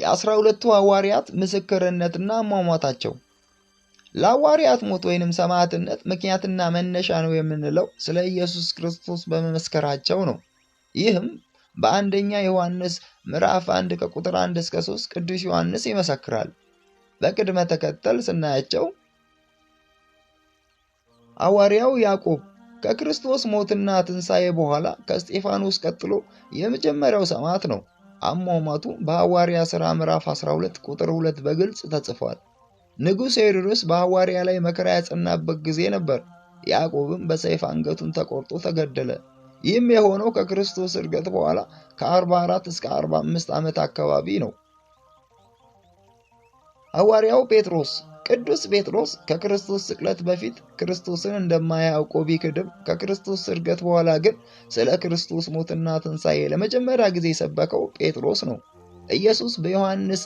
የአስራ ሁለቱ ሐዋርያት ምስክርነትና አሟሟታቸው። ለሐዋርያት ሞት ወይንም ሰማዕትነት ምክንያትና መነሻ ነው የምንለው ስለ ኢየሱስ ክርስቶስ በመመስከራቸው ነው። ይህም በአንደኛ ዮሐንስ ምዕራፍ 1 ከቁጥር 1 እስከ 3 ቅዱስ ዮሐንስ ይመሰክራል። በቅድመ ተከተል ስናያቸው ሐዋርያው ያዕቆብ ከክርስቶስ ሞትና ትንሣኤ በኋላ ከእስጢፋኖስ ቀጥሎ የመጀመሪያው ሰማዕት ነው። አሟሟቱ በሐዋርያ ሥራ ምዕራፍ 12 ቁጥር 2 በግልጽ ተጽፏል። ንጉሥ ሄሮድስ በሐዋርያ ላይ መከራ ያጸናበት ጊዜ ነበር። ያዕቆብም በሰይፍ አንገቱን ተቆርጦ ተገደለ። ይህም የሆነው ከክርስቶስ ዕርገት በኋላ ከ44 እስከ 45 ዓመት አካባቢ ነው። ሐዋርያው ጴጥሮስ ቅዱስ ጴጥሮስ ከክርስቶስ ስቅለት በፊት ክርስቶስን እንደማያውቁ ቢክድም ከክርስቶስ ስርገት በኋላ ግን ስለ ክርስቶስ ሞትና ትንሣኤ ለመጀመሪያ ጊዜ የሰበከው ጴጥሮስ ነው። ኢየሱስ በዮሐንስ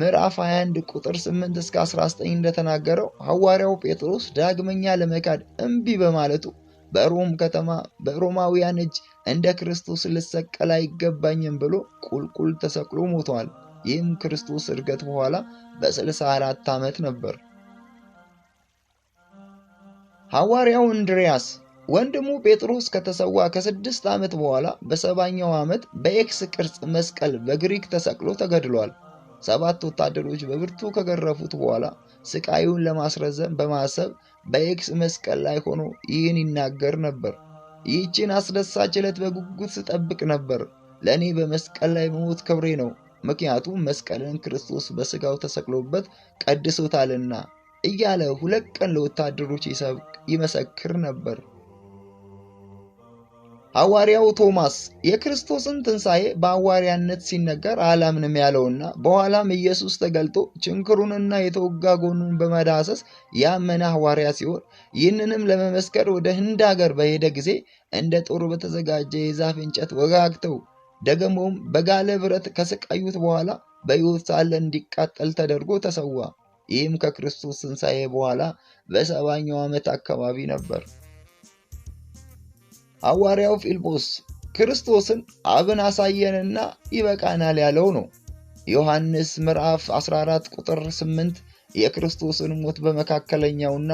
ምዕራፍ 21 ቁጥር 8 እስከ 19 እንደተናገረው ሐዋርያው ጴጥሮስ ዳግመኛ ለመካድ እምቢ በማለቱ በሮም ከተማ በሮማውያን እጅ እንደ ክርስቶስ ልሰቀል አይገባኝም ብሎ ቁልቁል ተሰቅሎ ሞቷል። ይህም ክርስቶስ እርገት በኋላ በ64 ዓመት ነበር። ሐዋርያው እንድሪያስ ወንድሙ ጴጥሮስ ከተሰዋ ከስድስት ዓመት በኋላ በሰባኛው ዓመት በኤክስ ቅርጽ መስቀል በግሪክ ተሰቅሎ ተገድሏል። ሰባት ወታደሮች በብርቱ ከገረፉት በኋላ ስቃዩን ለማስረዘም በማሰብ በኤክስ መስቀል ላይ ሆኖ ይህን ይናገር ነበር። ይህችን አስደሳች ዕለት በጉጉት ስጠብቅ ነበር። ለእኔ በመስቀል ላይ መሞት ክብሬ ነው። ምክንያቱም መስቀልን ክርስቶስ በስጋው ተሰቅሎበት ቀድሶታልና እያለ ሁለት ቀን ለወታደሮች ይመሰክር ነበር። ሐዋርያው ቶማስ የክርስቶስን ትንሣኤ በሐዋርያነት ሲነገር አላምንም ያለውና በኋላም ኢየሱስ ተገልጦ ችንክሩንና የተወጋ ጎኑን በመዳሰስ ያመነ ሐዋርያ ሲሆን ይህንንም ለመመስከር ወደ ህንድ አገር በሄደ ጊዜ እንደ ጦር በተዘጋጀ የዛፍ እንጨት ወጋግተው ደግሞም በጋለ ብረት ከሰቃዩት በኋላ በሕይወት ሳለ እንዲቃጠል ተደርጎ ተሰዋ። ይህም ከክርስቶስ ትንሣኤ በኋላ በሰባኛው ዓመት አካባቢ ነበር። ሐዋርያው ፊልጶስ ክርስቶስን አብን አሳየንና ይበቃናል ያለው ነው። ዮሐንስ ምዕራፍ 14 ቁጥር 8 የክርስቶስን ሞት በመካከለኛውና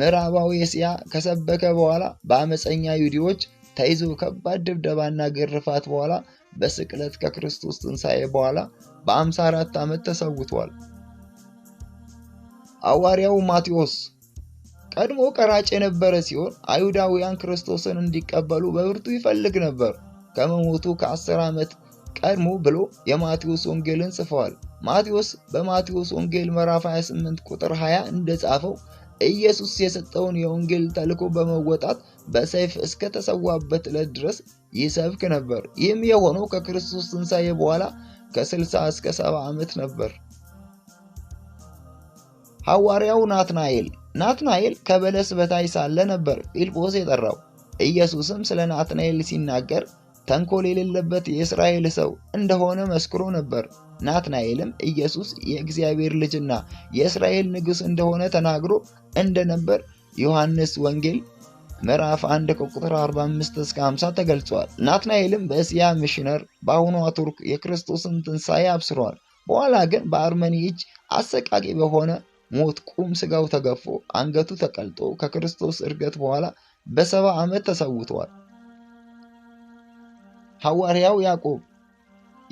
ምዕራባዊ እስያ ከሰበከ በኋላ በአመፀኛ ይሁዲዎች ተይዞ ከባድ ድብደባና ግርፋት በኋላ በስቅለት ከክርስቶስ ትንሣኤ በኋላ በ54 ዓመት ተሰውቷል። ሐዋርያው ማቴዎስ ቀድሞ ቀራጭ የነበረ ሲሆን አይሁዳውያን ክርስቶስን እንዲቀበሉ በብርቱ ይፈልግ ነበር። ከመሞቱ ከ ከ10 ዓመት ቀድሞ ብሎ የማቴዎስ ወንጌልን ጽፈዋል። ማቴዎስ በማቴዎስ ወንጌል ምዕራፍ 28 ቁጥር 20 እንደጻፈው ኢየሱስ የሰጠውን የወንጌል ተልእኮ በመወጣት በሰይፍ እስከ ተሰዋበት ዕለት ድረስ ይሰብክ ነበር። ይህም የሆነው ከክርስቶስ ትንሣኤ በኋላ ከ60 እስከ 70 ዓመት ነበር። ሐዋርያው ናትናኤል ናትናኤል ከበለስ በታች ሳለ ነበር ፊልጶስ የጠራው። ኢየሱስም ስለ ናትናኤል ሲናገር ተንኮል የሌለበት የእስራኤል ሰው እንደሆነ መስክሮ ነበር። ናትናኤልም ኢየሱስ የእግዚአብሔር ልጅና የእስራኤል ንጉሥ እንደሆነ ተናግሮ እንደነበር ዮሐንስ ወንጌል ምዕራፍ 1 ከቁጥር 45 እስከ 50 ተገልጿል። ናትናኤልም በእስያ ሚሽነር በአሁኗ ቱርክ የክርስቶስን ትንሣኤ አብስሯል። በኋላ ግን በአርመኒ እጅ አሰቃቂ በሆነ ሞት ቁም ስጋው ተገፎ አንገቱ ተቀልጦ ከክርስቶስ እርገት በኋላ በሰባ ዓመት ተሰውቷል። ሐዋርያው ያዕቆብ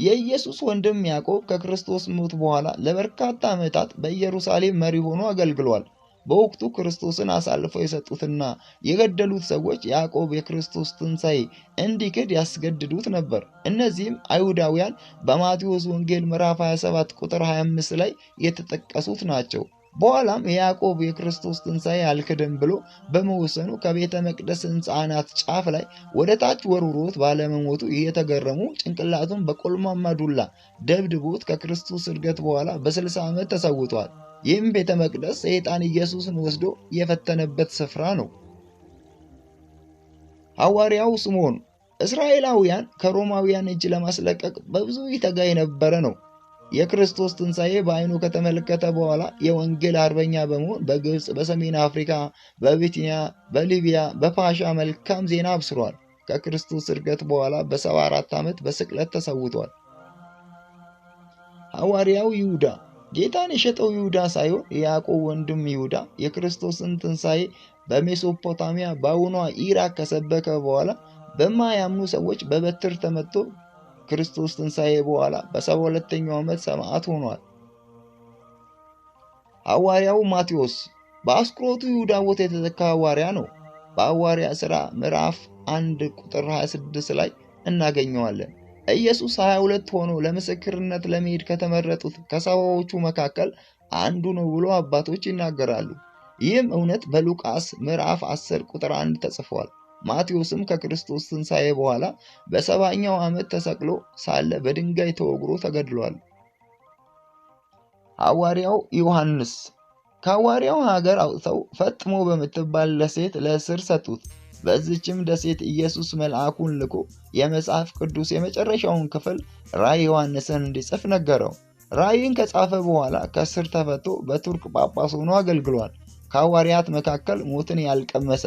የኢየሱስ ወንድም ያዕቆብ ከክርስቶስ ሞት በኋላ ለበርካታ ዓመታት በኢየሩሳሌም መሪ ሆኖ አገልግሏል። በወቅቱ ክርስቶስን አሳልፈው የሰጡትና የገደሉት ሰዎች ያዕቆብ የክርስቶስ ትንሣኤ እንዲክድ ያስገድዱት ነበር። እነዚህም አይሁዳውያን በማቴዎስ ወንጌል ምዕራፍ 27 ቁጥር 25 ላይ የተጠቀሱት ናቸው። በኋላም ያዕቆብ የክርስቶስ ትንሣኤ አልክድም ብሎ በመወሰኑ ከቤተ መቅደስ ሕንፃ አናት ጫፍ ላይ ወደ ታች ወርውሮት ባለመሞቱ እየተገረሙ ጭንቅላቱን በቆልማማ ዱላ ደብድቦት ከክርስቶስ እድገት በኋላ በ60 ዓመት ተሰውቷል። ይህም ቤተ መቅደስ ሰይጣን ኢየሱስን ወስዶ የፈተነበት ስፍራ ነው። ሐዋርያው ስምዖን እስራኤላውያን ከሮማውያን እጅ ለማስለቀቅ በብዙ ይተጋ የነበረ ነው። የክርስቶስ ትንሣኤ በዓይኑ ከተመለከተ በኋላ የወንጌል አርበኛ በመሆን በግብፅ፣ በሰሜን አፍሪካ፣ በቢትኒያ፣ በሊቢያ በፋሻ መልካም ዜና አብስሯል። ከክርስቶስ እርገት በኋላ በሰባ 74 ዓመት በስቅለት ተሰውቷል። ሐዋርያው ይሁዳ ጌታን የሸጠው ይሁዳ ሳይሆን የያዕቆብ ወንድም ይሁዳ የክርስቶስን ትንሣኤ በሜሶፖታሚያ በአሁኗ ኢራቅ ከሰበከ በኋላ በማያምኑ ሰዎች በበትር ተመትቶ ክርስቶስ ትንሣኤ በኋላ በሰባ ሁለተኛው ዓመት ሰማዕት ሆኗል። ሐዋርያው ማቴዎስ በአስቆሮቱ ይሁዳ ቦታ የተተካ ሐዋርያ ነው። በሐዋርያ ሥራ ምዕራፍ 1 ቁጥር 26 ላይ እናገኘዋለን። ኢየሱስ 22 ሆኖ ለምስክርነት ለመሄድ ከተመረጡት ከሰባዎቹ መካከል አንዱ ነው ብሎ አባቶች ይናገራሉ። ይህም እውነት በሉቃስ ምዕራፍ 10 ቁጥር 1 ተጽፏል። ማቴዎስም ከክርስቶስ ትንሣኤ በኋላ በሰባኛው ዓመት ተሰቅሎ ሳለ በድንጋይ ተወግሮ ተገድሏል። ሐዋርያው ዮሐንስ ከሐዋርያው ሀገር አውጥተው ፈጥሞ በምትባል ደሴት ለእስር ሰጡት። በዚችም ደሴት ኢየሱስ መልአኩን ልኮ የመጽሐፍ ቅዱስ የመጨረሻውን ክፍል ራእይ ዮሐንስን እንዲጽፍ ነገረው። ራእይን ከጻፈ በኋላ ከእስር ተፈቶ በቱርክ ጳጳስ ሆኖ አገልግሏል። ከሐዋርያት መካከል ሞትን ያልቀመሰ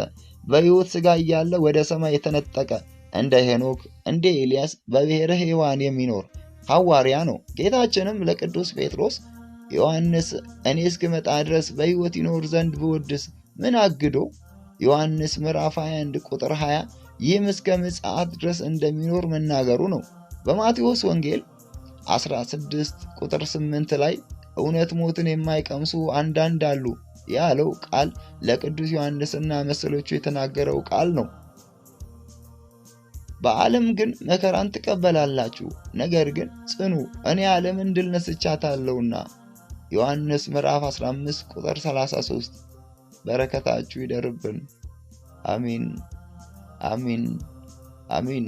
በሕይወት ሥጋ እያለ ወደ ሰማይ የተነጠቀ እንደ ሄኖክ እንደ ኤልያስ በብሔረ ሕያዋን የሚኖር ሐዋርያ ነው። ጌታችንም ለቅዱስ ጴጥሮስ ዮሐንስ እኔ እስክመጣ ድረስ በሕይወት ይኖር ዘንድ ብወድስ ምን አግዶ? ዮሐንስ ምዕራፍ 21 ቁጥር 20 ይህም እስከ ምጽአት ድረስ እንደሚኖር መናገሩ ነው። በማቴዎስ ወንጌል 16 ቁጥር 8 ላይ እውነት ሞትን የማይቀምሱ አንዳንድ አሉ ያለው ቃል ለቅዱስ ዮሐንስና መሰሎቹ የተናገረው ቃል ነው። በዓለም ግን መከራን ትቀበላላችሁ፣ ነገር ግን ጽኑ፣ እኔ ዓለምን ድል ነስቻታለሁና። ዮሐንስ ምዕራፍ 15 ቁጥር 33። በረከታችሁ ይደርብን። አሚን አሚን አሚን።